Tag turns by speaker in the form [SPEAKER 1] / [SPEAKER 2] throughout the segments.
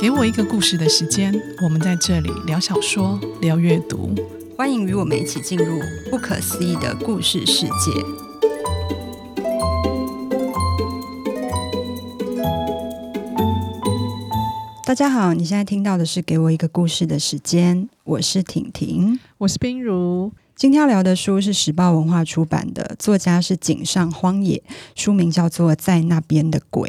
[SPEAKER 1] 給我一個故事的時間，我們在這裡聊小說、聊閱
[SPEAKER 2] 讀，歡迎與我們一起進入不可思議的故事世界。大家好，你現在聽到的是《給我一個故事的時間》，我是婷婷，我是冰如。今天要聊的書是時報文化出版的，作家是井上荒野，書名叫做《在那邊的鬼》。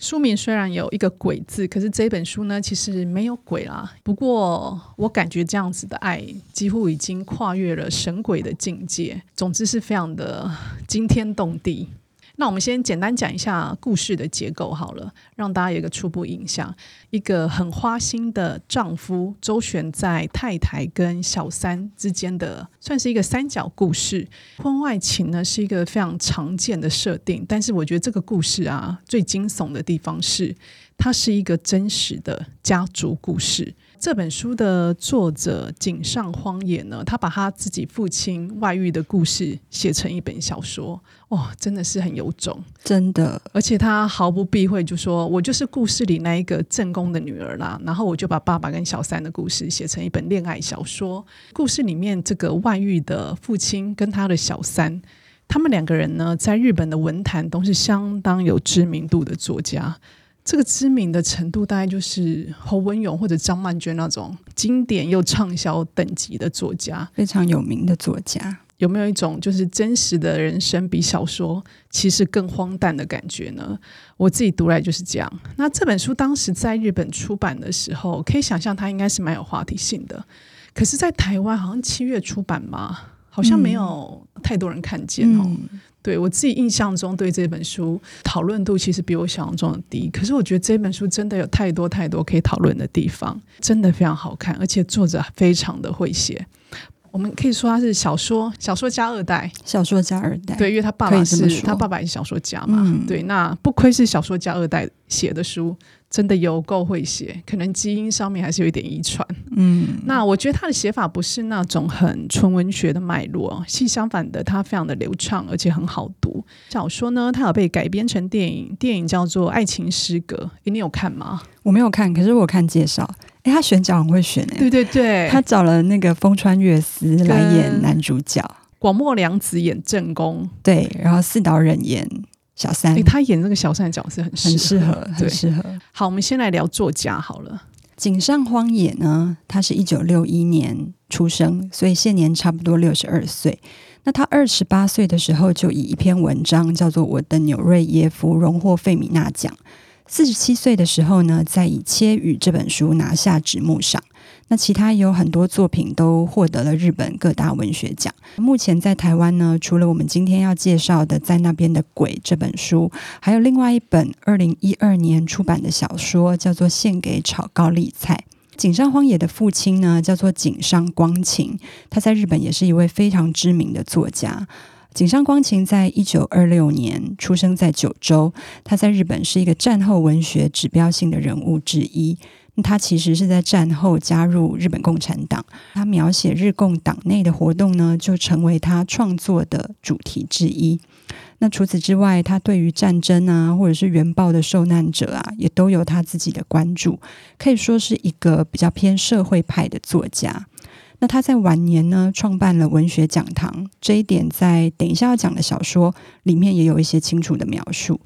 [SPEAKER 1] 書名雖然有一個“鬼”字，可是這本書呢，其實沒有鬼啦。不過我感覺這樣子的愛，幾乎已經跨越了神鬼的境界。總之是非常的驚天動地。那我們先簡單講一下故事的結構好了，讓大家有一個初步印象。一個很花心的丈夫周旋在太太跟小三之間的，算是一個三角故事。婚外情呢是一個非常常見的設定，但是我覺得這個故事啊，最驚悚的地方是，它是一個真實的家族故事。這本書的作者井上荒野呢，他把他自己父親外遇的故事寫成一本小說，哇、哦，真的是很有種，真的，而且他毫不避諱，就說：“我就是故事裡那一個正宮的女兒啦。”然後我就把爸爸跟小三的故事寫成一本戀愛小說。故事裡面這個外遇的父親跟他的小三，他們兩個人呢，在日本的文壇都是相當有知名度的作家。這個知名的程度，大概就是侯文詠或者張曼娟那種經典又暢銷等級的作家，非常有名的作家。有沒有一種就是真實的人生比小說其實更荒誕的感覺呢？我自己讀來就是這樣。那這本書當時在日本出版的時候，可以想象它應該是蠻有話題性的。可是，在台灣好像七月出版嘛，好像沒有太多人看見哦。嗯嗯對，我自己印象中，對這本書討論度其實比我想象中的低。可是我覺得這本書真的有太多太多可以討論的地方，真的非常好看，而且作者非常的會寫。我們可以說他是小說小說家二代，小說家二代，對，因為他爸爸是，他爸爸也是小說家嘛，嗯，對，那不愧是小說家二代寫的書。真的有夠會寫，可能基因上面還是有一點遺傳。嗯，那我覺得他的寫法不是那種很純文學的脈絡，是相反的，他非常的流暢而且很好讀。小說呢，他有被改編成電影，電影叫做《愛情失格》，你有看
[SPEAKER 2] 嗎？我沒有看，可是我有看介紹。哎，他選角很會選哎，對
[SPEAKER 1] 對對，他
[SPEAKER 2] 找了那個風川月司來演男主角，
[SPEAKER 1] 廣末涼子演正宮，
[SPEAKER 2] 對，然後四島忍演小三，欸、他演這個小三角色很適合，很適合。對適合。好，我們
[SPEAKER 1] 先來聊作家好
[SPEAKER 2] 了。井上荒野呢，他是一九六一年出生，所以現年差不多六十二歲。那他二十八歲的時候就以一篇文章叫做《我的紐瑞耶夫》榮獲費米娜獎。四十七歲的時候呢，在以《切羽》這本書拿下直木賞。那其他也有很多作品都獲得了日本各大文學獎。目前在台灣呢，除了我們今天要介紹的《在那邊的鬼》這本書，還有另外一本二零一二年出版的小說，叫做《獻給炒高麗菜》。井上荒野的父親呢，叫做井上光晴，他在日本也是一位非常知名的作家。井上光晴在一九二六年出生在九州，他在日本是一個戰後文學指標性的人物之一。他其實是在戰後加入日本共產黨，他描寫日共黨內的活動呢，就成為他創作的主題之一。那除此之外，他對於戰爭啊，或者是原爆的受難者啊，也都有他自己的關注，可以說是一個比較偏社會派的作家。那他在晚年呢，創辦了文學講堂，這一點在等一下要講的小說裡面也有一些清楚的描述。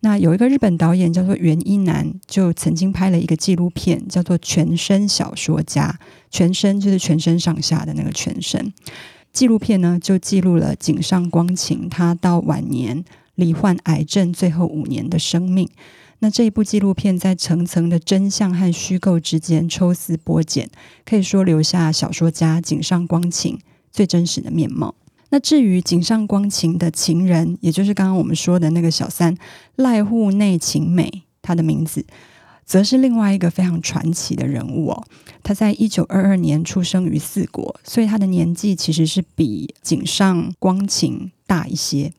[SPEAKER 2] 那有一個日本導演叫做原一男，就曾經拍了一個紀錄片，叫做《全身小說家》。全身就是全身上下的那個全身。紀錄片呢，就記錄了井上光晴他到晚年罹患癌症最後五年的生命。那這一部紀錄片在層層的真相和虛構之間抽絲剝繭，可以說留下小說家井上光晴最真實的面貌。那至於井上光晴的情人，也就是剛剛我們說的那個小三，瀨戶內晴美，她的名字，則是另外一個非常傳奇的人物哦。她在一九二二年出生於四國，所以她的年紀其實是比井上光晴大一些。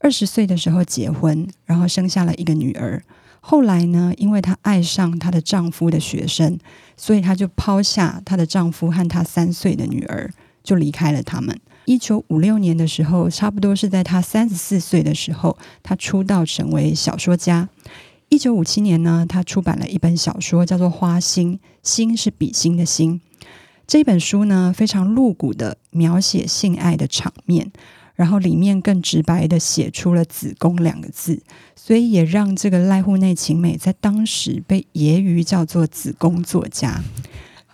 [SPEAKER 2] 二十歲的時候結婚，然後生下了一個女兒。後來呢，因為她愛上她的丈夫的學生，所以她就拋下她的丈夫和她三歲的女兒，就離開了他們。一九五六年的時候，差不多是在他三十四歲的時候，他出道成為小說家。一九五七年呢，他出版了一本小說，叫做《花芯》，芯是筆芯的芯。這本書呢，非常露骨的描寫性愛的場面，然後裡面更直白的寫出了“子宮”兩個字，所以也讓這個瀨戶內晴美在當時被揶揄叫做“子宮作家”。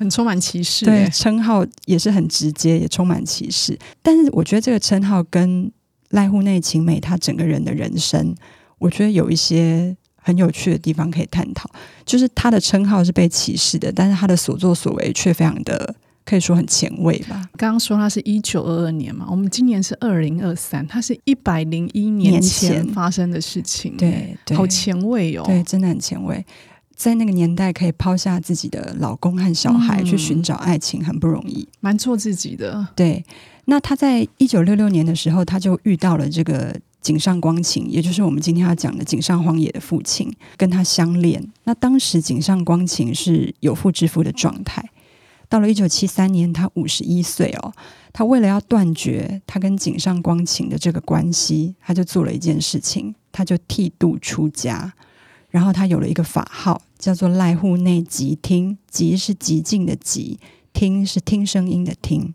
[SPEAKER 2] 很充滿歧視欸，對，稱號也是很直接，也充滿歧視。但是我覺得這個稱號跟瀨戶內晴美她整個人的人生，我覺得有一些很有趣的地方可以探討。就是她的稱號是被歧視的，但是她的所作所為卻非常的可以說很前衛吧。
[SPEAKER 1] 剛剛說她是一九二二年嘛，我們今年是二零二三，她是一百零一年前
[SPEAKER 2] 發生的事情，對，對，好前衛喔，對，真的很前衛。在那個年代，可以拋下自己的老公和小孩去尋找愛情，很不容易。嗯嗯，蠻做自己的。對，那他在一九六六年的時候，他就遇到了這個井上光晴，也就是我們今天要講的井上荒野的父親，跟他相戀。那當時井上光晴是有婦之夫的狀態。到了一九七三年，他五十一歲哦，他為了要斷絕他跟井上光晴的這個關係，他就做了一件事情，他就剃度出家。然後他有了一個法號，叫做瀨戶內寂聽，寂是寂靜的寂，聽是聽聲音的聽。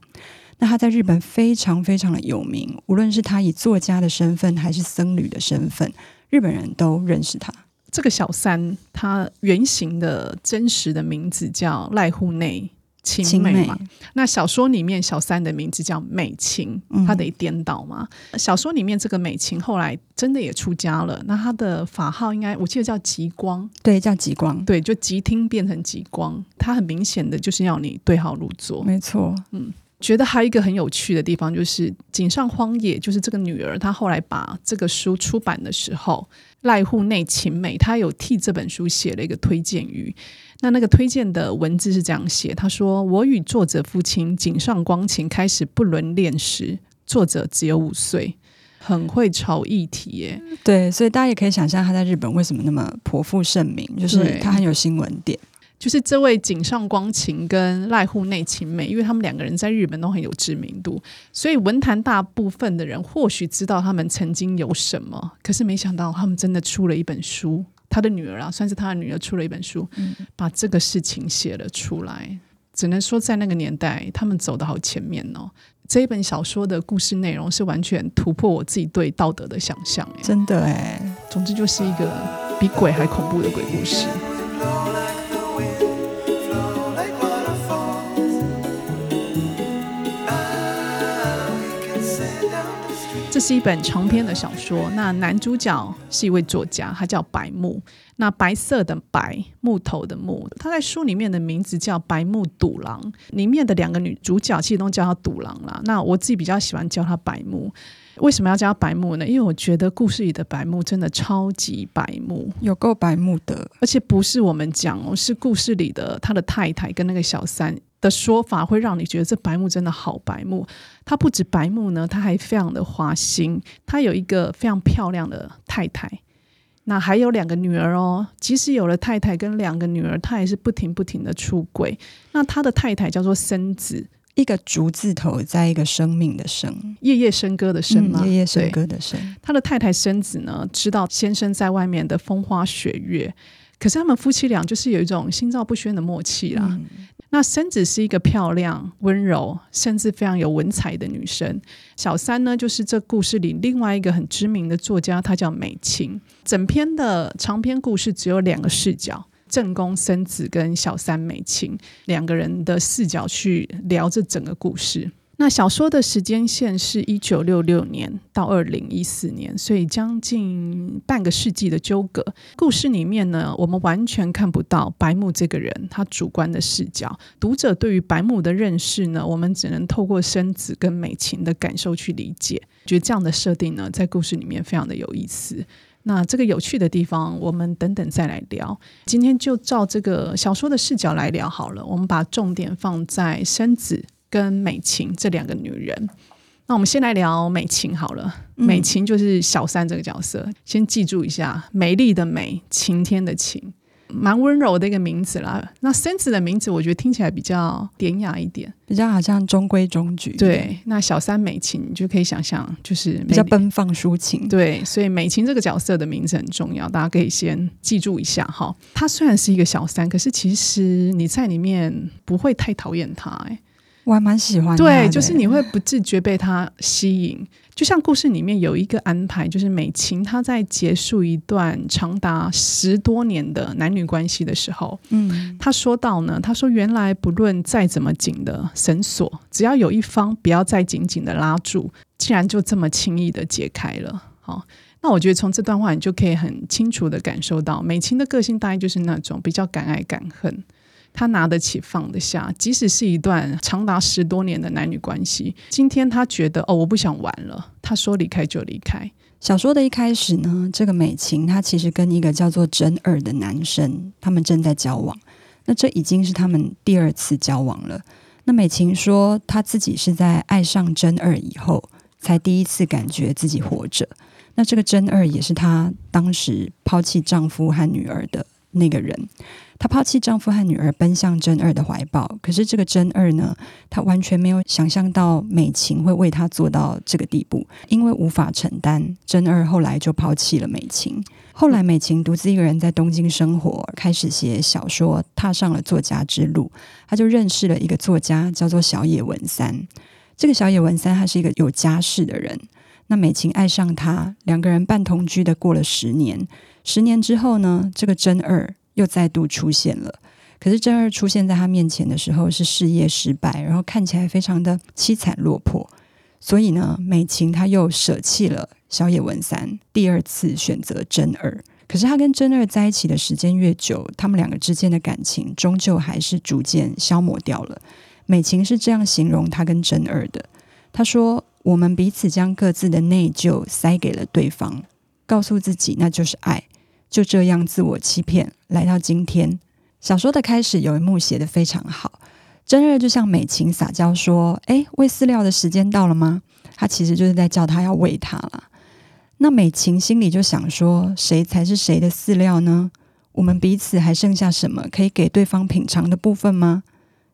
[SPEAKER 2] 那他在日本非常非常的有名，無論是他以作家的身份還是僧侶的身份，日本人都認識他。這個小三，他原
[SPEAKER 1] 型的真實的名字叫瀨戶內。晴美嘛，美那小說裡面小三的名字叫美晴，他、嗯、得顛倒嘛。小說裡面這個美晴後來真的也出家了，那她的法號應該我記得叫極光，
[SPEAKER 2] 對，叫極光、嗯，
[SPEAKER 1] 對，就極聽變成極光，她很明顯的就是要你對號入座，沒
[SPEAKER 2] 錯錯。嗯，
[SPEAKER 1] 覺得還有一個很有趣的地方就是井上荒野，就是這個女兒她後來把這個書出版的時候，瀨戶內晴美她有替這本書寫了一個推薦語。那那個推薦的文字是這樣寫，他說：“我與作者父親井上光晴開始不倫戀時，作者只有五歲，很會炒議題耶。”
[SPEAKER 2] 對，所以大家也可以想象他在日本為什麼那麼頗負盛名，就是他很有新聞點。
[SPEAKER 1] 就是這位井上光晴跟瀨戶內晴美，因為他們兩個人在日本都很有知名度，所以文壇大部分的人或許知道他們曾經有什麼，可是沒想到他們真的出了一本書。他的女兒啊，算是他的女兒出了一本書，嗯、把這個事情寫了出來。只能說在那個年代，他們走得好前面哦、喔。這一本小說的故事內容是完全突破我自己對道德的想象、欸，真的哎、欸。總之就是一個比鬼還恐怖的鬼故事。欸這是一本長篇的小說。那男主角是一位作家，他叫白木。那白色的白，木頭的木。他在書裡面的名字叫白木篤郎。裡面的兩個女主角其實都叫他篤郎啦。那我自己比較喜歡叫他白木。為什麼要叫他白木呢？因為我覺得故事裡的白木真的超級白目，有夠白目的。而且不是我們講哦，是故事裡的他的太太跟那個小三，的說法會讓你覺得這白木真的好白木。他不止白木呢，他還非常的花心。他有一個非常漂亮的太太，那還有兩個女兒哦。即使有了太太跟兩個女兒，他還是不停不停的出軌。那他的太太叫做笙子，
[SPEAKER 2] 一個竹字頭，在一個生命的生，
[SPEAKER 1] 夜夜笙歌的笙嘛、嗯，夜夜
[SPEAKER 2] 笙歌的笙。
[SPEAKER 1] 他的太太笙子呢，知道先生在外面的風花雪月，可是他們夫妻倆就是有一種心照不宣的默契啦。嗯那笙子是一個漂亮、溫柔，甚至非常有文采的女生。小三呢，就是這故事裡另外一個很知名的作家，她叫美琴。整篇的長篇故事只有兩個視角：正宮笙子跟小三美琴，兩個人的視角去聊這整個故事。那小說的時間線是一九六六年到二零一四年，所以將近半個世紀的糾葛。故事裡面呢，我們完全看不到白木這個人，他主觀的視角。讀者對於白木的認識呢，我們只能透過笙子跟美琴的感受去理解。覺得這樣的設定呢，在故事裡面非常的有意思。那這個有趣的地方，我們等等再來聊。今天就照這個小說的視角來聊好了，我們把重點放在笙子，跟美晴這兩個女人，那我們先來聊美晴好了。美晴就是小三這個角色，嗯、先記住一下美麗的美晴天的晴，蠻、嗯、溫柔的一個名字啦。那笙子的名字，我覺得聽起來比較典雅一點，
[SPEAKER 2] 比較好像中規中矩。對，
[SPEAKER 1] 那小三美晴你就可以想像，就是美比較奔放抒情。對，所以美晴這個角色的名字很重要，大家可以先記住一下哈。她雖然是一個小三，可是其實你在裡面不會太討厭她，欸
[SPEAKER 2] 我還蠻喜歡的。對，就是你
[SPEAKER 1] 會不自覺被他吸引。 就像故事裡面有一個安排，就是美琴她在結束一段長達十多年的男女關係的時候，嗯，她說到呢，她說原來不論再怎麼緊的繩索，只要有一方不要再緊緊的拉住，竟然就這麼輕易的解開了。好，那我覺得從這段話，你就可以很清楚的感受到美琴的個性，大概就是那種比較敢愛敢恨。他拿得起放得下，即使是一段長達十多年的男女關係，今天他覺得哦，我不想玩了，他說離開就離開。
[SPEAKER 2] 小說的一開始呢，這個美琴她其實跟一個叫做真二的男生，他們正在交往，那這已經是他們第二次交往了。那美琴說，她自己是在愛上真二以後，才第一次感覺自己活着。那這個真二也是她當時拋棄丈夫和女兒的。那個人，她拋棄丈夫和女兒，奔向真二的懷抱。可是這個真二呢，他完全沒有想象到美琴會為他做到這個地步，因為無法承擔，真二後來就拋棄了美琴。後來美琴獨自一個人在東京生活，開始寫小說，踏上了作家之路。她就認識了一個作家，叫做小野文三。這個小野文三，他是一個有家室的人。那美琴愛上他，兩個人半同居的過了十年。十年之後呢，這個真二又再度出現了。可是真二出現在他面前的時候，是事業失敗，然後看起來非常的淒慘落魄。所以呢，美琴她又捨棄了小野文三，第二次選擇真二。可是他跟真二在一起的時間越久，他們兩個之間的感情終究還是逐漸消磨掉了。美琴是這樣形容他跟真二的，他說。我們彼此將各自的內疚塞給了對方，告訴自己那就是愛，就這樣自我欺騙，來到今天。小說的開始有一幕寫得非常好，真二就向美琴撒嬌說：“哎，餵飼料的時間到了嗎？”他其實就是在叫她要餵他啦。那美琴心裡就想說：“誰才是誰的飼料呢？我們彼此還剩下什麼可以給對方品嚐的部分嗎？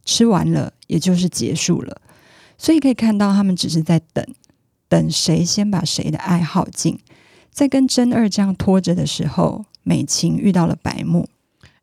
[SPEAKER 2] 吃完了，也就是結束了。”所以可以看到，他們只是在等，等誰先把誰的愛耗盡。在跟真二這樣拖着的時候，美琴遇到了白木。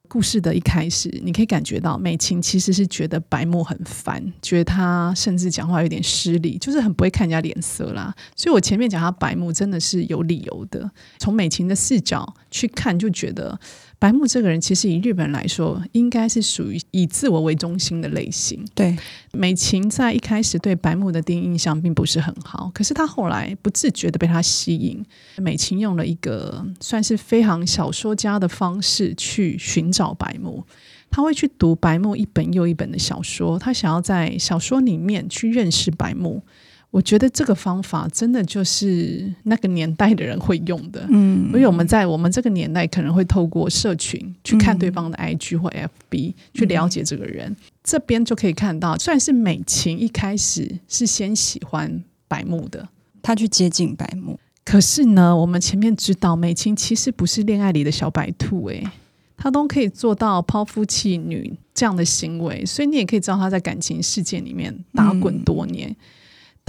[SPEAKER 2] 故事的
[SPEAKER 1] 一開始，你可以感覺到美琴其實是覺得白木很煩，覺得他甚至講話有點失禮，就是很不會看人家臉色啦。所以，我前面講他白目真的是有理由的。從美琴的視角去看，就覺得。白木這個人，其實以日本人來說，應該是屬於以自我為中心的類型。對，美琴在一開始對白木的第一印象並不是很好，可是她後來不自覺的被他吸引。美琴用了一個算是非常小說家的方式去尋找白木，她會去讀白木一本又一本的小說，她想要在小說裡面去認識白木。我覺得這個方法真的就是那個年代的人會用的，嗯，所以我們在我們這個年代可能會透過社群去看對方的 IG 或 FB 去了解這個人。嗯、這邊就可以看到，雖然是美琴一開始是先喜歡白木的，她去接近白木，可是呢，我們前面知道美琴其實不是戀愛裡的小白兔，欸，哎，她都可以做到拋夫棄女這樣的行為，所以你也可以知道她在感情世界裡面打滾多年。嗯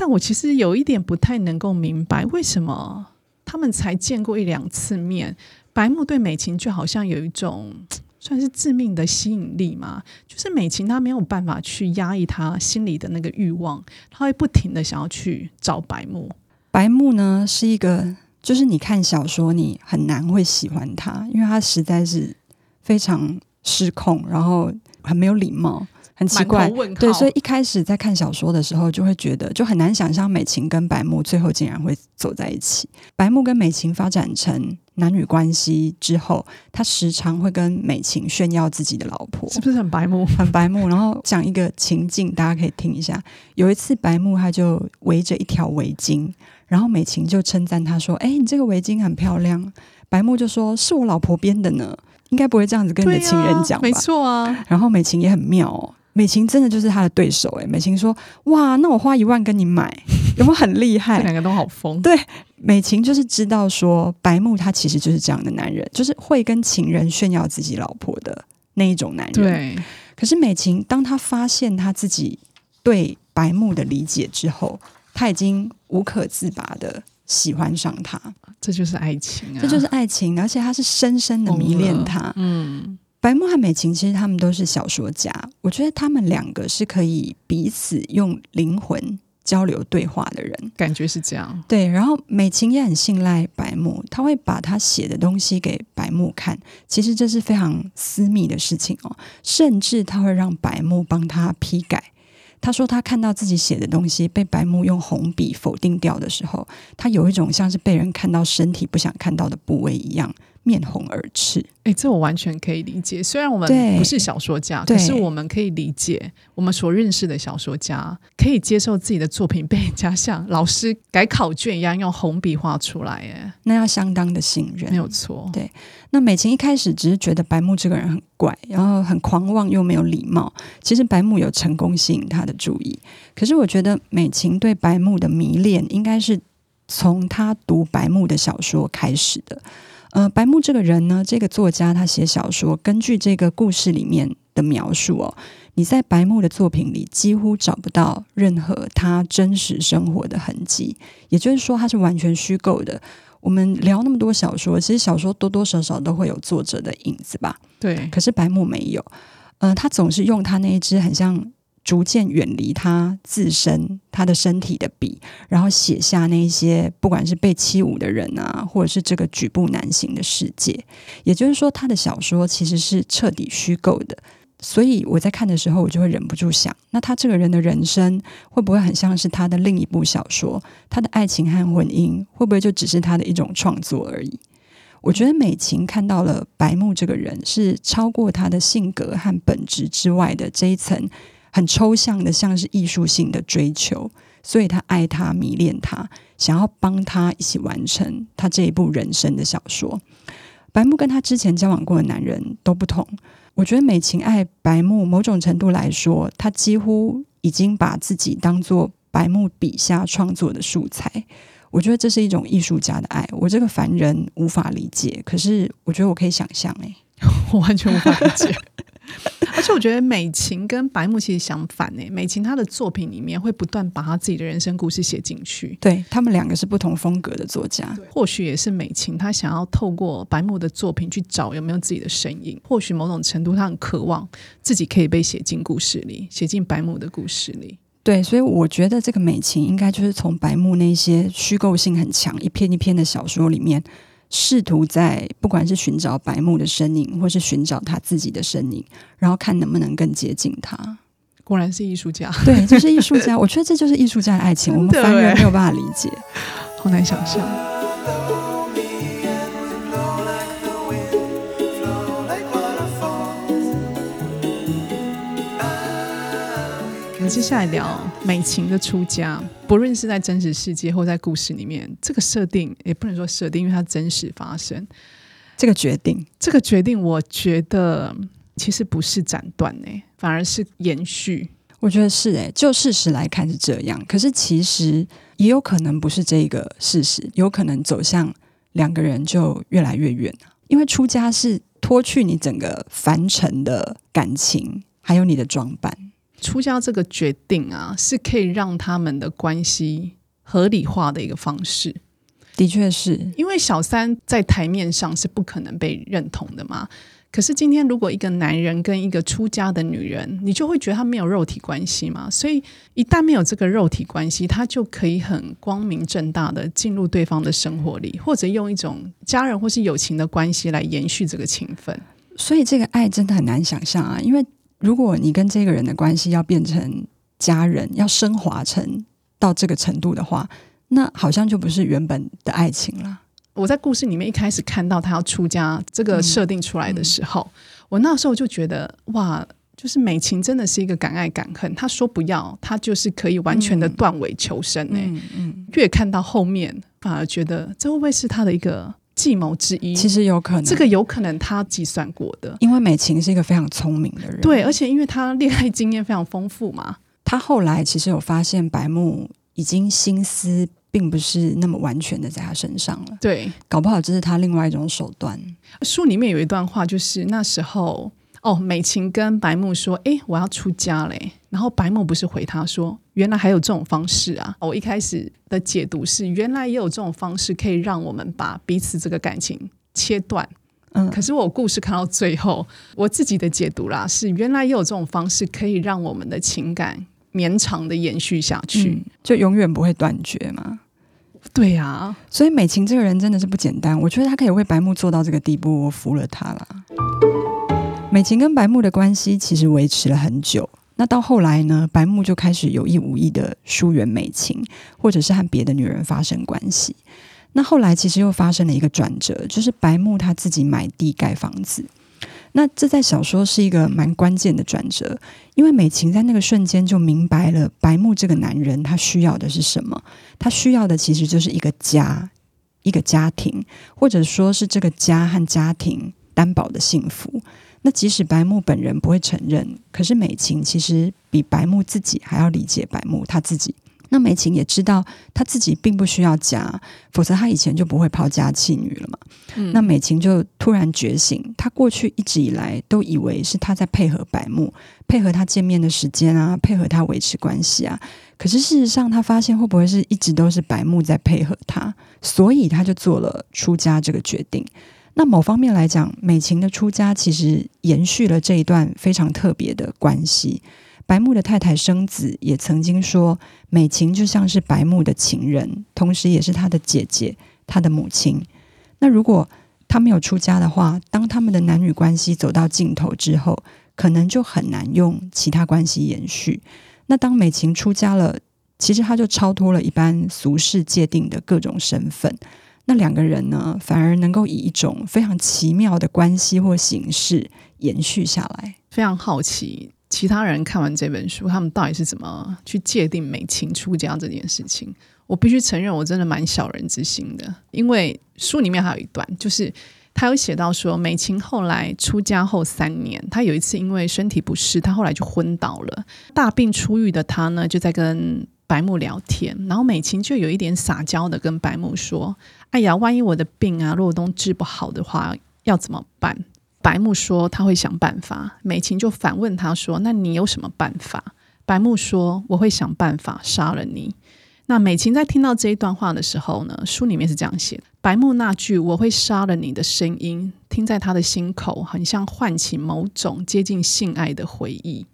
[SPEAKER 1] 但我其實有一點不太能夠明白，為什麼他們才見過一兩次面，白木對美琴就好像有一種算是致命的吸引力嘛？就是美琴她沒有辦法去壓抑她心裡的那個慾望，她會不停的想要去找白木。
[SPEAKER 2] 白木呢是一個，就是你看小說你很難會喜歡他，因為他實在是非常失控，然後很沒有禮貌。很奇怪，對，所以一開始在看小說的時候，就會覺得就很難想象美琴跟白木最後竟然會走在一起。白木跟美琴發展成男女關係之後，他時常會跟美琴炫耀自己的老婆，是不是很白目？很白目。然後講一個情境，大家可以聽一下。有一次白木他就圍着一條圍巾，然後美琴就稱讚他說：“哎，你這個圍巾很漂亮。”白木就說：“是我老婆編的呢，應該不會這樣子跟你的情人講吧。”沒錯啊。然後美琴也很妙、喔。美琴真的就是他的對手、欸、美琴說：“哇，那我花一萬跟你買，有沒有很厲害？”這兩 個都好瘋。對，美琴就是知道說白木他其實就是這樣的男人，就是會跟情人炫耀自己老婆的那一種男人。對。可是美琴，當他發現他自己對白木的理解之後，他已經無可自拔的喜歡上他。啊、這就是愛情、啊，這就是愛情，而且他是深深的迷戀他。嗯。白木和美琴其實他們都是小說家，我覺得他們兩個是可以彼此用靈魂交流對話的人，感覺是這樣。對，然後美琴也很信賴白木，他會把他寫的東西給白木看，其實這是非常私密的事情哦，甚至他會讓白木幫他批改。他說他看到自己寫的東西被白木用紅筆否定掉的時候，他有一種像是被人看到身體不想看到的部位一樣。面紅耳赤，哎、欸，這我完全可以理解。雖然我們不是
[SPEAKER 1] 小說家，對可是我們可以理解，我們所認識的小說家對可以接受自己的作品被人家像老師改考卷一樣用紅筆畫出來耶。
[SPEAKER 2] 哎，那要相當的信任，沒有錯。對，那美琴一開始只是覺得白木這個人很怪，然後很狂妄又沒有禮貌。其實白木有成功吸引他的注意，可是我覺得美琴對白木的迷戀應該是從他讀白木的小說開始的。呃，白木這個人呢，這個作家他寫小說，根據這個故事裡面的描述哦，你在白木的作品裡幾乎找不到任何他真實生活的痕跡，也就是說他是完全虛構的。我們聊那麼多小說，其實小說多多少少都會有作者的影子吧？對。可是白木沒有，嗯、呃，他總是用他那一隻很像。逐漸遠離他自身，他的身體的筆，然後寫下那些不管是被欺侮的人啊，或者是這個舉步難行的世界。也就是說，他的小說其實是徹底虛構的。所以我在看的時候，我就會忍不住想：那他這個人的人生會不會很像是他的另一部小說？他的愛情和婚姻會不會就只是他的一種創作而已？我覺得美琴看到了白木這個人，是超過他的性格和本質之外的這一層。很抽象的，像是藝術性的追求，所以他愛他、迷戀他，想要幫他一起完成他這一部人生的小說。白木跟他之前交往過的男人都不同，我覺得美琴愛白木，某種程度來說，他幾乎已經把自己當做白木筆下創作的素材。我覺得這是一種藝術家的愛，我這個凡人無法理解，可是我覺得我可以想象、欸，誒， 我完全無法理解。
[SPEAKER 1] 而且我覺得美琴跟白木其實相反呢。美琴她的作品裡面會不斷把她自己的人生故事寫進去。對，他們兩個是不同風格的作家，對或許也是美琴她想要透過白木的作品去找有沒有自己的身影。或許某種程度她很渴望自己可以被寫進故事裡，寫進白木的故事裡。
[SPEAKER 2] 對，所以我覺得這個美琴應該就是從白木那些虛構性很強、一篇一篇的小說裡面。試圖在不管是尋找白木的身影，或是尋找他自己的身影，然後看能不能更接近他。果然是藝術家，對，就是藝術家。 我覺得這就是藝術家的愛情，我們凡人沒有辦法理解，好難 想象。我
[SPEAKER 1] 們接下來聊。美琴的出家，不論是在真實世界或在故事裡面，這個設定也不能說設定，因為它真實發生。這個決定，這個決定，我覺得其實
[SPEAKER 2] 不是斬斷誒，反而是延續。我覺得是誒、欸，就事實來看是這樣。可是其實也有可能不是這個事實，有可能走向兩個人就越來越遠。因為出家是脫去你整個凡塵的感情，還有你的裝扮。
[SPEAKER 1] 出家這個決定啊，是可以讓他們的關係合理化的一個方式。的確是，是因為小三在台面上是不可能被認同的嘛。可是今天，如果一個男人跟一個出家的女人，你就會覺得他沒有肉體關係嘛。所以，一旦沒有這個肉體關係，他就可以很光明正大的進入對方的生活裡，或者用一種家人或是友情的關係來延續這個情分。
[SPEAKER 2] 所以，這個愛真的很難想象啊，因為。如果你跟這個人的關係要變成家人，要升華成到這個程度的話，那好像就不是原本的愛情了。我在故
[SPEAKER 1] 事裡面一開始看到他要出家這個設定出來的時候，嗯嗯、我那時候就覺得哇，就是美琴真的是一個敢愛敢恨，她說不要，她就是可以完全的斷尾求生、欸。哎、
[SPEAKER 2] 嗯，
[SPEAKER 1] 嗯，越看到後面，反而覺得這會不會是他的一個？計謀之一，其實有可能，這個有可能
[SPEAKER 2] 他計算過的，因為美琴是一個非常聰明的人，對，
[SPEAKER 1] 而且因為他戀愛經驗非常豐富嘛，
[SPEAKER 2] 他後來其實有發現白木已經心思並不是那麼完全的在他身上了，對，搞不好這是他另外一種手段。書裡面有一段話，就是那時候哦，美
[SPEAKER 1] 琴跟白木說：“哎，我要出家嘞。”然後白木不是回他說，原來還有這種方式啊！我一開始的解讀是，原來也有這種方式可以讓我們把彼此這個感情切斷。嗯，可是我故事看到最後，我自己的解讀啦是，原來也有這種方式可以讓我們的情感綿長的延續下去、嗯，
[SPEAKER 2] 就永遠不會斷絕嘛。對呀、啊，所以美琴這個人真的是不簡單，我覺得她可以為白木做到這個地步，我服了她了。美琴跟白木的關係其實維持了很久。那到後來呢？白木就開始有意無意的疏遠美琴，或者是和別的女人發生關係。那後來其實又發生了一個轉折，就是白木他自己買地蓋房子。那這在小說是一個蠻關鍵的轉折，因為美琴在那個瞬間就明白了白木這個男人他需要的是什麼，他需要的其實就是一個家，一個家庭，或者說是這個家和家庭擔保的幸福。那即使白木本人不會承認，可是美琴其實比白木自己還要理解白木他自己。那美琴也知道，她自己並不需要家，否則她以前就不會拋家棄女了嘛。嗯、那美琴就突然覺醒，她過去一直以來都以為是她在配合白木，配合他見面的時間啊，配合他維持關係啊。可是事實上，她發現，會不會是一直都是白木在配合她，所以她就做了出家這個決定。那某方面來講，美琴的出家其實延續了這一段非常特別的關係。白木的太太笙子也曾經說，美琴就像是白木的情人，同時也是他的姐姐、他的母親。那如果他沒有出家的話，當他們的男女關係走到盡頭之後，可能就很難用其他關係延續。那當美琴出家了，其實他就超脫了一般俗世界定的各種身份。那兩個人呢，反而能夠以一種非常奇妙的關係或形式延續下來。
[SPEAKER 1] 非常好奇，其他人看完這本書，他們到底是怎麼去界定美琴出家這件事情？我必須承認，我真的蠻小人之心的，因為書裡面還有一段，就是他有寫到說，美琴後來出家後三年，他有一次因為身體不適，他後來就昏倒了。大病初癒的他呢，就在跟，.白木聊天，然後美琴就有一點撒嬌的跟白木說：“哎呀，萬一我的病啊，如果都治不好的話，要怎麼辦？”白木說：“他會想辦法。”美琴就反問他說：“那你有什麼辦法？”白木說：“我會想辦法殺了你。”那美琴在聽到這一段話的時候呢，書裡面是這樣寫的：“白木那句‘我會殺了你的’的聲音，聽在他的心口，很像喚起某種接近性愛的回憶。”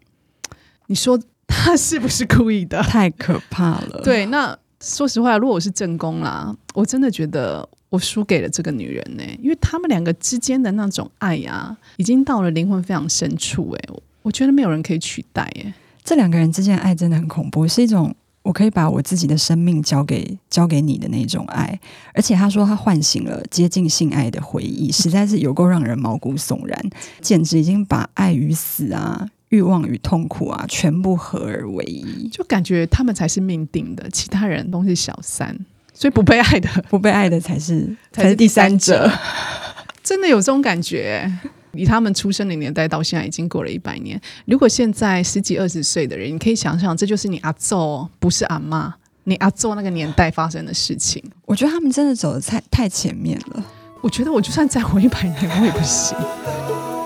[SPEAKER 1] 你說。他是不是故意的？太可怕了。對，那說實話，如果我是正宮啦，我真的覺得我輸給了這個女人呢、欸，因為他們兩個之間的那種愛啊，已經到了靈魂非常深處、
[SPEAKER 2] 欸，誒，我覺得沒有人可以取代、欸。哎，這兩個人之間的愛真的很恐怖，是一種我可以把我自己的生命交給交給你的那種愛。而且他說他喚醒了接近性愛的回憶，實在是有夠讓人毛骨悚然，簡直已經把愛與死啊。慾望與痛苦啊，全部合而為一，就感覺他們才是命
[SPEAKER 1] 定的，其他人都是小三，所以不被愛的，不被愛的才是才是第三者。三者 真的有這種感覺？以他們出生的年代到現在已經過了一百年，如果現在十幾二十歲的人，你可以想想，這就是你阿祖，不是阿嬤，你阿祖那個年代發生的事情。我覺得他們真的走得太太前面了。我覺得我就算再活一百年，我也不行。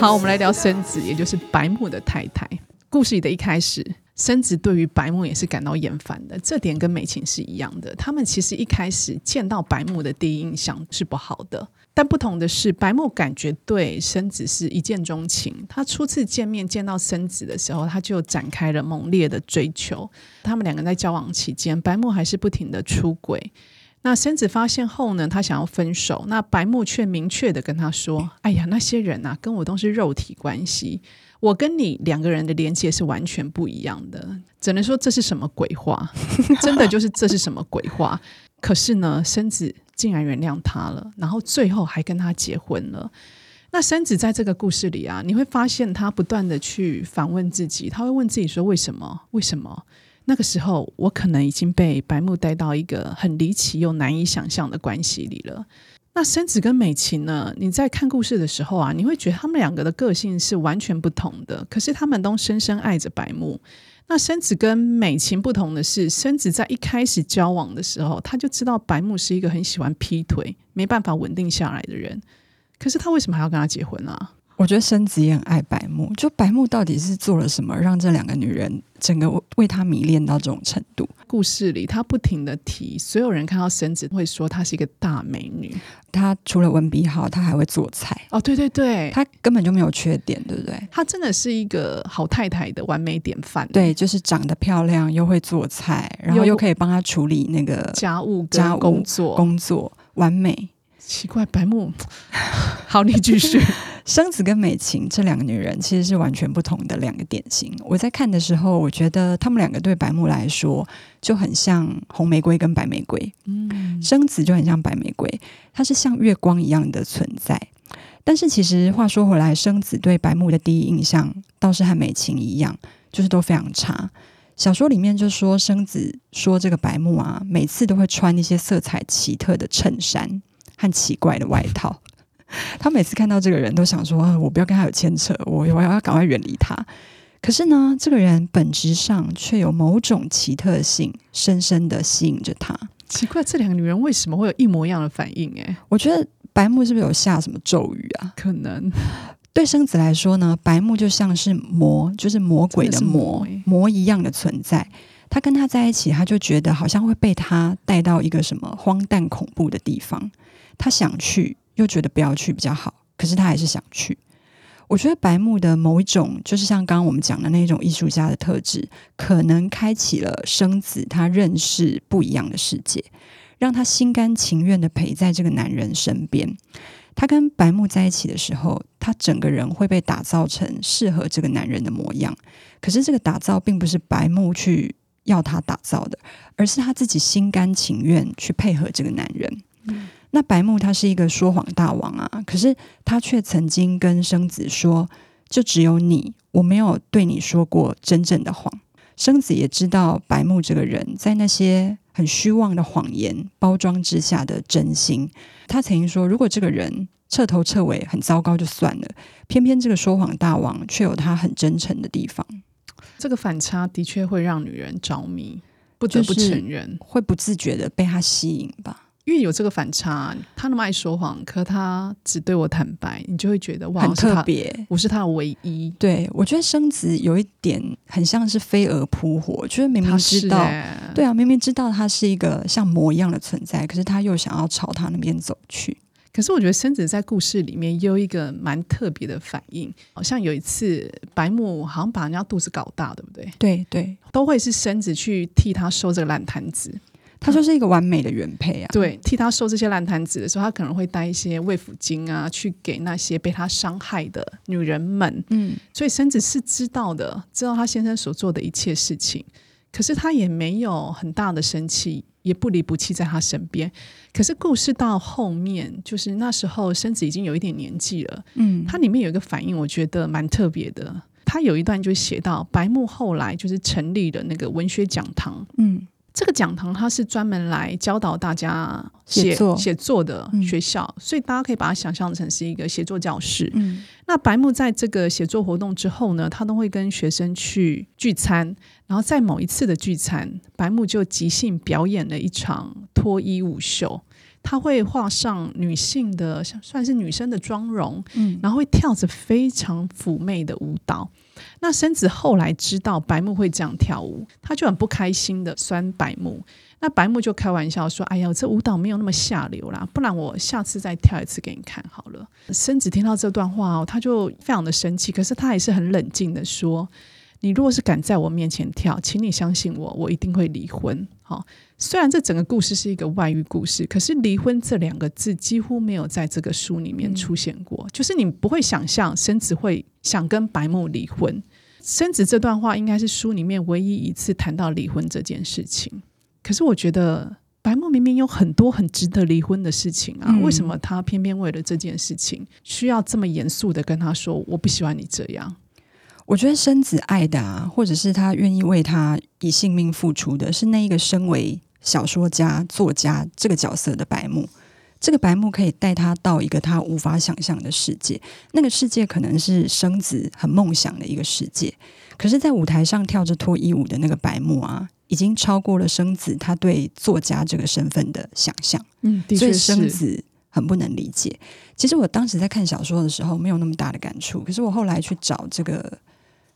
[SPEAKER 1] 好，我們來聊笙子，也就是白木的太太。故事裡的一開始，笙子對於白木也是感到厭煩的，這點跟美琴是一樣的。他們其實一開始見到白木的第一印象是不好的，但不同的是，白木感覺對笙子是一見鍾情。他初次見面見到笙子的時候，他就展開了猛烈的追求。他們兩個人在交往期間，白木還是不停地出軌。那笙子發現後呢？他想要分手。那白木卻明確的跟他說：“哎呀，那些人吶、啊，跟我都是肉體關係，我跟你兩個人的連接是完全不一樣的。只能說這是什麼鬼話？ 真的就是這是什麼鬼話？ 可是呢，笙子竟然原諒他了，然後最後還跟他結婚了。那笙子在這個故事裡啊，你會發現他不斷的去反問自己，他會問自己說：為什麼？為什麼？”那個時候，我可能已經被白木帶到一個很離奇又難以想象的關係裡了。那笙子跟美琴呢？你在看故事的時候啊，你會覺得他們兩個的個性是完全不同的。可是他們都深深愛着白木。那笙子跟美琴不同的是，笙子在一開始交往的時候，他就知道白木是一個很喜歡劈腿、沒辦法穩定下來的人。可是他
[SPEAKER 2] 為什麼還要跟他結婚啊？我覺得笙子也很愛白木，就白木到底是做了什麼，讓這兩個女人整個為她迷戀到這種程度？故事裡她不停的提，
[SPEAKER 1] 所有人看到笙子會說她是一個大美女。她除了文筆好，她還會做菜
[SPEAKER 2] 哦，對對對，她根本就沒有缺點，對不對？她真的是一個好太太的完美典範。對，就是長得漂亮又會做菜，然後又可以幫她處理那個家
[SPEAKER 1] 務，家務，工
[SPEAKER 2] 作、工作，完美。奇怪，白木，好，你繼續。 笙子跟美琴這兩個女人其實是完全不同的兩個典型。我在看的時候，我覺得她們兩個對白木來說就很像紅玫瑰跟白玫瑰。嗯，笙子就很像白玫瑰，它是像月光一樣的存在。但是其實話說回來，笙子對白木的第一印象倒是和美琴一樣，就是都非常差。小說裡面就說，笙子說這個白木啊，每次都會穿那些色彩奇特的襯衫。很奇怪的外套，他每次看到這個人都想說：“啊、我不要跟他有牽扯，我我要趕快遠離他。”可是呢，這個人本質上卻有某種奇特性，深深的吸引着他。奇怪，這兩個女人為什麼會有一模一樣的反應？欸？哎，我覺得白木是不是有下什麼咒語啊？可能對笙子來說呢，白木就像是魔，就是魔鬼的魔，的魔，魔一樣的存在。他跟他在一起，他就覺得好像會被他帶到一個什麼荒誕恐怖的地方。他想去，又覺得不要去比較好，可是他還是想去。我覺得白木的某一種，就是像剛剛我們講的那種藝術家的特質，可能開啟了笙子，他認識不一樣的世界，讓他心甘情願的陪在這個男人身邊。他跟白木在一起的時候，他整個人會被打造成適合這個男人的模樣。可是這個打造並不是白木去要他打造的，而是他自己心甘情願去配合這個男人。嗯那白木他是一個說謊大王啊，可是他卻曾經跟笙子說，就只有你，我沒有對你說過真正的謊。笙子也知道白木這個人，在那些很虛妄的謊言包裝之下的真心。他曾經說，如果這個人徹頭徹尾很糟糕就算了，偏偏這個說謊大王卻有他很真誠的地方。
[SPEAKER 1] 這個反差的確會讓女人着迷，不得不承認，會不自覺地被他吸引吧。因為有這個反差，他那麼愛說謊，可他只對我坦白，你就會覺得哇，很特別，
[SPEAKER 2] 我是他的唯一。對，我覺得笙子有一點很像是飛蛾撲火，我覺得明明知道，欸、對啊，明明知道他是一個像魔一樣的存在，可是他又想要朝他那邊走去。可是我覺得笙子在故事裡面
[SPEAKER 1] 有一個蠻特別的反應，好像有一次白木好像把人家肚子搞大，對不對？對對，對都會是笙子去替他收這個爛攤子。他說是一個完
[SPEAKER 2] 美的原配啊。嗯、對，
[SPEAKER 1] 替他收這些爛攤子的時候，他可能會帶一些慰撫金啊，去給那些被他傷害的女人們。嗯，所以笙子是知道的，知道他先生所做的一切事情，可是他也沒有很大的生氣，也不離不棄在他身邊。可是故事到後面，就是那時候笙子已經有一點年紀了。嗯，他裡面有一個反應，我覺得蠻特別的。他有一段就寫到，白木後來就是成立了那個文學講堂。嗯。這個講堂它是專門來教導大家寫、寫作寫作的學校，嗯、所以大家可以把它想象成是一個寫作教室。嗯、那白木在這個寫作活動之後呢，他都會跟學生去聚餐。然後在某一次的聚餐，白木就即興表演了一場脫衣舞秀。他會畫上女性的，算是女生的妝容，嗯，然後會跳着非常嫵媚的舞蹈。那笙子後來知道白木會這樣跳舞，他就很不開心的酸白木。那白木就開玩笑說：“哎呀，這舞蹈沒有那麼下流啦，不然我下次再跳一次給你看好了。”笙子聽到這段話哦，他就非常的生氣，可是他也是很冷靜的說。你如果是敢在我面前跳，請你相信我，我一定會離婚。好、哦，雖然這整個故事是一個外遇故事，可是離婚這兩個字幾乎沒有在這個書裡面出現過。嗯、就是你不會想象笙子會想跟白木離婚。笙子這段話應該是書裡面唯一一次談到離婚這件事情。可是我覺得白木明明有很多很值得離婚的事情啊，嗯、為什麼他偏偏為了這件事情需
[SPEAKER 2] 要這麼嚴肅地跟他說？我不喜歡你這樣。我覺得笙子愛的啊，或者是他願意為他以性命付出的，是那一個身為小說家、作家這個角色的白木。這個白木可以帶他到一個他無法想象的世界，那個世界可能是笙子很夢想的一個世界。可是，在舞台上跳着脫衣舞的那個白木啊，已經超過了笙子他對作家這個身份的想象。
[SPEAKER 1] 嗯，對，所以笙子
[SPEAKER 2] 很不能理解。其實我當時在看小說的時候沒有那麼大的感觸，可是我後來去找這個。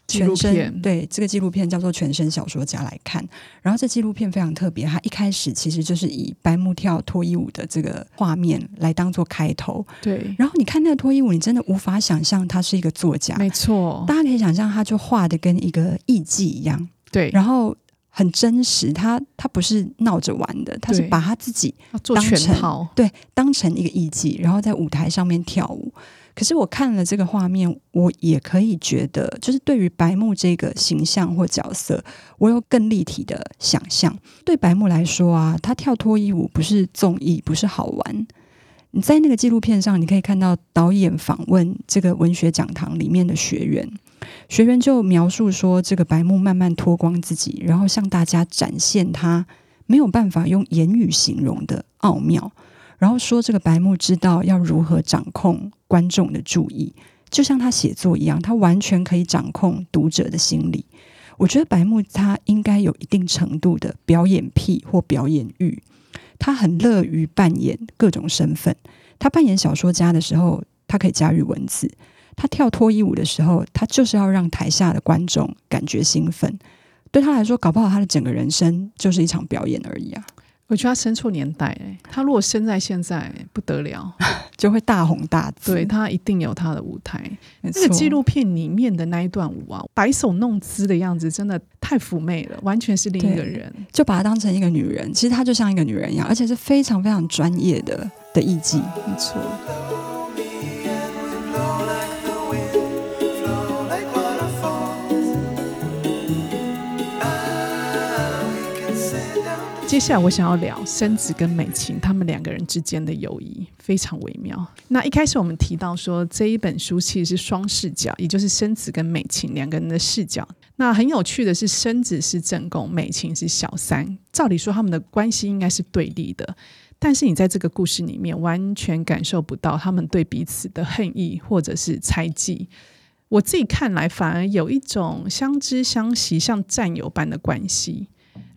[SPEAKER 2] 紀錄片對這個紀錄片叫做《全身小說家》來看，然後這紀錄片非常特別，它一開始其實就是以白木跳脫衣舞的這個畫面來當做開頭。對，然後你看那個脫衣舞，你真的無法想象他是一個作家，沒錯。大家可以想象，他就畫得跟一個藝伎一樣，對，然後很真實，他他不是鬧着玩的，他是把他自己當成，對，當成一個藝伎，然後在舞台上面跳舞。可是我看了這個畫面，我也可以覺得，就是對於白木這個形象或角色，我有更立體的想象。對白木來說啊，他跳脫衣舞不是綜藝，不是好玩。你在那個紀錄片上，你可以看到導演訪問這個文學講堂裡面的學員，學員就描述說，這個白木慢慢脫光自己，然後向大家展現他沒有辦法用言語形容的奧妙。然後說這個白木知道要如何掌控觀眾的注意，就像他寫作一樣，他完全可以掌控讀者的心理。我覺得白木他應該有一定程度的表演癖或表演慾，他很樂於扮演各種身份。他扮演小說家的時候，他可以駕馭文字；他跳脫衣舞的時候，他就是要讓台下的觀眾感覺興奮。對他來說，搞不好他的整個人生就是一場表演而已啊。我覺得他生錯年代，他如果生
[SPEAKER 1] 在現在不得了，
[SPEAKER 2] 就會大紅大紫。對，他
[SPEAKER 1] 一定有他的舞台。這錯個紀錄片裡面的那一段舞啊，白手弄姿的樣子，
[SPEAKER 2] 真的太嫵媚了，完全是另一個人。就把他當成一個女人，其實她就像一個女人一樣，而且是非常非常專業的的藝伎。沒錯。嗯。
[SPEAKER 1] 接下來我想要聊笙子跟美琴他們兩個人之間的友誼非常微妙。那一開始我們提到說這一本書其實是雙視角，也就是笙子跟美琴兩個人的視角。那很有趣的是，笙子是正宮，美琴是小三。照理說他們的關係應該是對立的，但是你在這個故事裡面完全感受不到他們對彼此的恨意或者是猜忌。我自己看來反而有一種相知相惜，像戰友般的關係。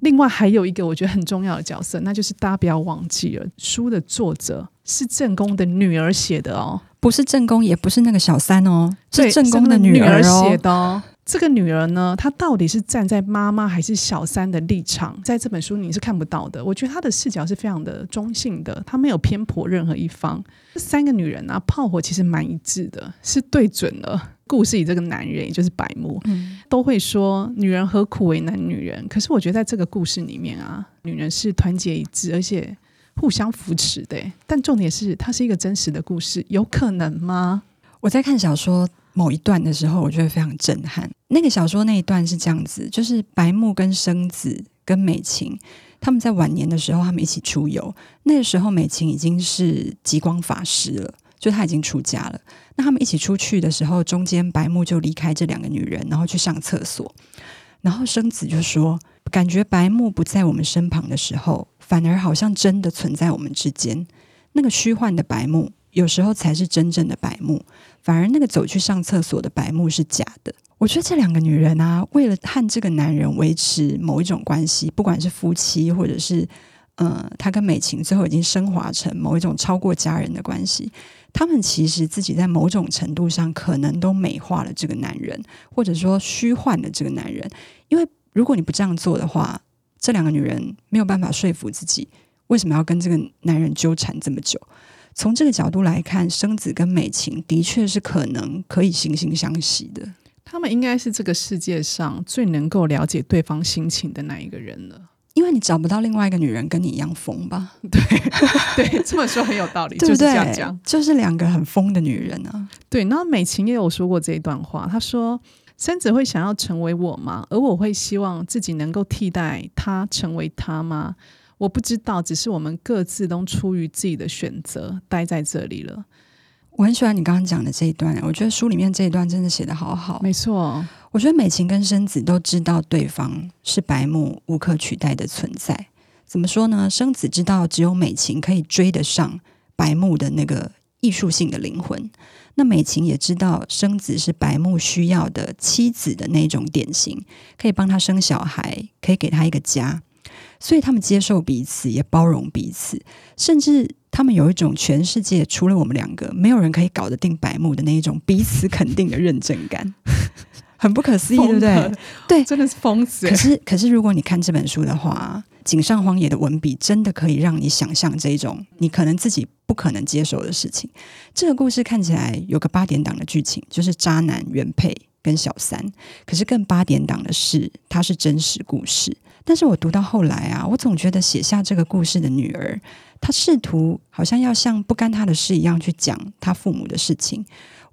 [SPEAKER 1] 另外還有一個我覺得很重要的角色，那就是大家不要忘記了，書的作者是正宮的女兒寫的哦，不是正宮，也
[SPEAKER 2] 不是那個小三哦，對是正宮的女兒哦，女兒寫的
[SPEAKER 1] 哦。這個女兒呢，她到底是站在媽媽還是小三的立場，在這本書你是看不到的。我覺得她的視角是非常的中性的，她沒有偏頗任何一方。這三個女人呢、啊，炮火其實蠻一致的，是對準了。故事裡這個男人，也就是白木，嗯、都會說：“女人何苦為難女人？”可是我覺得，在這個故事裡面啊，女人是團結一致，而且
[SPEAKER 2] 互相扶持的。但重點是，它是一個真實的故事，有可能嗎？我在看小說某一段的時候，我覺得非常震撼。那個小說那一段是這樣子，就是白木跟生子跟美琴，他們在晚年的時候，他們一起出遊。那個時候，美琴已經是極光法師了，就她已經出家了。那他們一起出去的時候，中間白木就離開這兩個女人，然後去上廁所。然後笙子就說：“感覺白木不在我們身旁的時候，反而好像真的存在我們之間。那個虛幻的白木，有時候才是真正的白木。反而那個走去上廁所的白木是假的。我覺得這兩個女人啊，為了和這個男人維持某一種關係，不管是夫妻或者是……”嗯，他跟美琴最後已經升華成某一種超過家人的關係。他們其實自己在某種程度上可能都美化了這個男人，或者說虛幻的這個男人。因為如果你不這樣做的話，這兩個女人沒有辦法說服自己為什麼要跟這個男人糾纏這麼久。從這個角度來看，笙子跟美琴的確是可能可以惺惺相惜的。
[SPEAKER 1] 他們應該是這個世界上最能夠
[SPEAKER 2] 了解對方心情的那一個人了。因為你找不到另外一個女人跟你一樣瘋吧？
[SPEAKER 1] 對，對，這麼說很有道理， 對不對？就是這樣講，
[SPEAKER 2] 就是兩個很瘋的女人啊。
[SPEAKER 1] 對，那美琴也有說過這一段話，她說：“笙子會想要成為我嗎？而我會希望自己能夠替代她成為她嗎？我不知道，只是我們
[SPEAKER 2] 各自都出於自己的選擇待在這裡了。”我很喜歡你剛剛講的這一段，我覺得書裡面這一段真的寫得好好，沒錯。我覺得美琴跟笙子都知道對方是白木無可取代的存在。怎麼說呢？笙子知道只有美琴可以追得上白木的那個藝術性的靈魂。那美琴也知道笙子是白木需要的妻子的那種典型，可以幫他生小孩，可以給他一個家。所以他們接受彼此，也包容彼此，甚至他們有一種全世界除了我們兩個，沒有人可以搞得定白木的那一種彼此肯定的認真感。 很不可思議，對不對？
[SPEAKER 1] 對，真的是
[SPEAKER 2] 瘋子。可是，可是如果你看這本書的話，井上荒野的文筆真的可以讓你想象這一種你可能自己不可能接受的事情。這個故事看起來有個八點檔的劇情，就是渣男原配跟小三。可是更八點檔的是，它是真實故事。但是我讀到後來啊，我總覺得寫下這個故事的女兒，她試圖好像要像不干她的事一樣去講她父母的事情。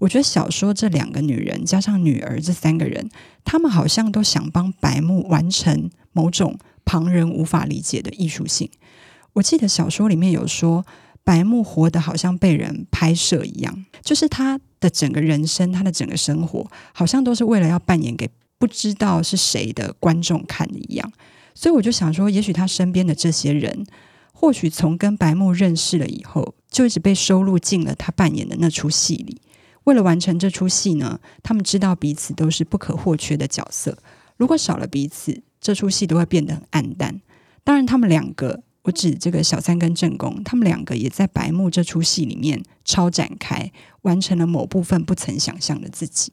[SPEAKER 2] 我覺得小說這兩個女人，加上女兒這三個人，他們好像都想幫白木完成某種旁人無法理解的藝術性。我記得小說裡面有說，白木活得好像被人拍攝一樣，就是他的整個人生，他的整個生活，好像都是為了要扮演給不知道是誰的觀眾看的一樣。所以我就想說，也許他身邊的這些人，或許從跟白木認識了以後，就一直被收錄進了他扮演的那出戲裡。為了完成這出戲呢，他們知道彼此都是不可或缺的角色。如果少了彼此，這出戲都會變得很暗淡。當然，他們兩個，我指這個小三跟正宮，他們兩個也在白木這出戲裡面超展開，完成了某部分不曾想象的自己。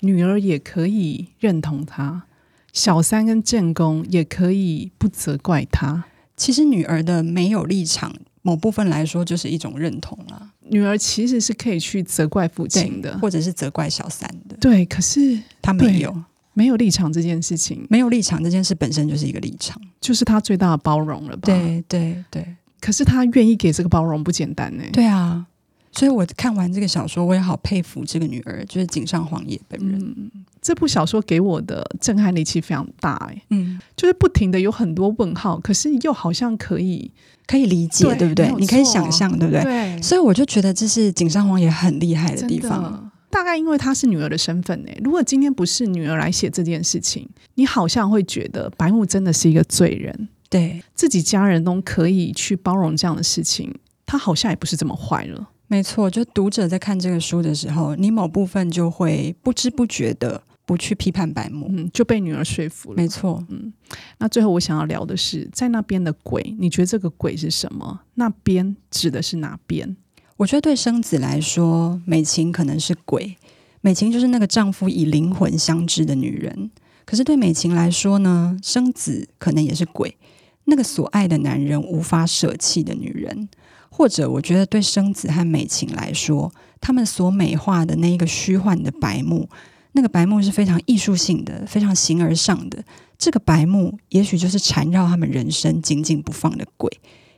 [SPEAKER 2] 女兒也可以認同他，小
[SPEAKER 1] 三跟正宮也可以不責怪他。其實，女兒的沒有立
[SPEAKER 2] 場。某部分來說，就是一種認同了、啊。女兒其實是可以去責怪父親的，或者是責怪小三
[SPEAKER 1] 的。對，可是她沒有，沒有立場這件事情，沒
[SPEAKER 2] 有立場這件事本身就是一個立場，
[SPEAKER 1] 就是她最大的包容了吧？對對對，對對，可是她願意給這個包容不簡單呢、欸？對啊。所以，我看完這個小說，我也好佩服這個女兒，就是井上荒野本人、嗯。這部小說給我的震撼力氣非常大、欸，誒，嗯，就是不停的有很多問號，可是又好像可以可以理解，對，對不對？你可以
[SPEAKER 2] 想象，對不對？對，所以，我就覺得這是井上荒野很厲害的地方。
[SPEAKER 1] 大概因為她是女兒的身份、欸，哎，如果今天不是女兒來寫這件事情，你好像會覺得白木真的是一個罪人，對自己家人都可以去包容
[SPEAKER 2] 這樣的事情，她好像也不是這麼壞了。沒錯，就讀者在看這個書的時候，你某部分就會不知不覺的不去批判白目，嗯、就被女兒說服了。沒
[SPEAKER 1] 錯，嗯。那最後我想要聊的是，在那邊的鬼，你覺得這個鬼是什麼？
[SPEAKER 2] 那邊指的是哪邊？我覺得對笙子來說，美琴可能是鬼。美琴就是那個丈夫以靈魂相知的女人。可是對美琴來說呢，笙子可能也是鬼，那個所愛的男人無法捨棄的女人。或者，我覺得對笙子和美琴來說，他們所美化的那一個虛幻的白木，那個白木是非常藝術性的，非常形而上的。這個白木也許就是纏繞他們人生緊緊不放的鬼，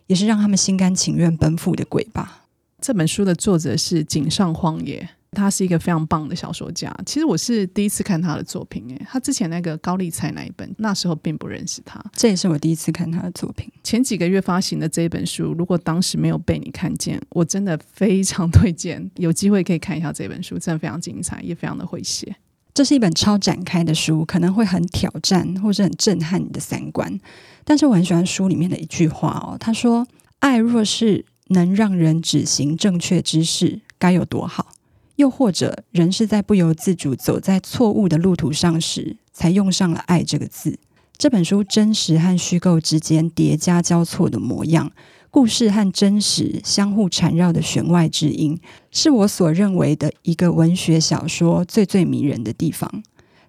[SPEAKER 2] 也是讓他們心甘情願奔赴的鬼吧。
[SPEAKER 1] 這本書的作者是井上荒野，他是一個非常棒的小說家。其實我是第一次看他的作品，誒，他之前那個高麗菜那一本，那時候並不認識他，這也是我第一次看他的作品。前幾個月發行的這一本書，如果當時沒有被你看見，我真的非常推薦，有機會可以看一下這本書，
[SPEAKER 2] 真的非常精彩，也非常的會寫。這是一本超展開的書，可能會很挑戰，或是很震撼你的三觀。但是我很喜歡書裡面的一句話哦，他說：“愛若是。”能讓人只行正確之事，該有多好？又或者，人是在不由自主走在錯誤的路途上時，才用上了“愛”這個字。這本書真實和虛構之間疊加交錯的模樣，故事和真實相互纏繞的弦外之音，是我所認為的一個文學小說最最迷人的地方。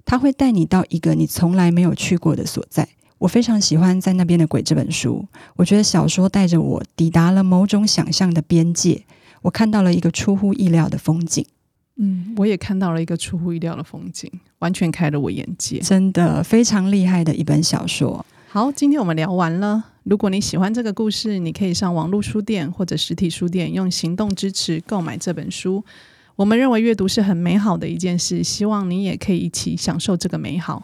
[SPEAKER 2] 它會帶你到一個你從來沒有去過的所在。我非常喜歡在那邊的鬼這本書，我覺得小說帶着我抵達了某種想象的邊界，我看到了一個出乎意料的風景。
[SPEAKER 1] 嗯，我也看到了一個出乎意料的風景，完全開了我眼
[SPEAKER 2] 界，真的非常厲害的一本小說。
[SPEAKER 1] 好，今天我們聊完了。如果你喜歡這個故事，你可以上網絡書店或者實體書店用行動支持購買這本書。我們認為閱讀
[SPEAKER 2] 是很美好的一件事，希望你也可以一起享受這個美好。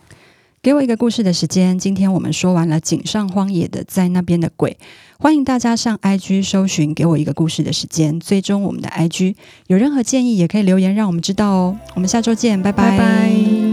[SPEAKER 2] 給我一個故事的時間。今天我們說完了《井上荒野的在那邊的鬼》，歡迎大家上 IG 搜尋“給我一個故事的時間”，追蹤我們的 IG。有任何建議也可以留言讓我們知道哦。我們下周見，拜拜。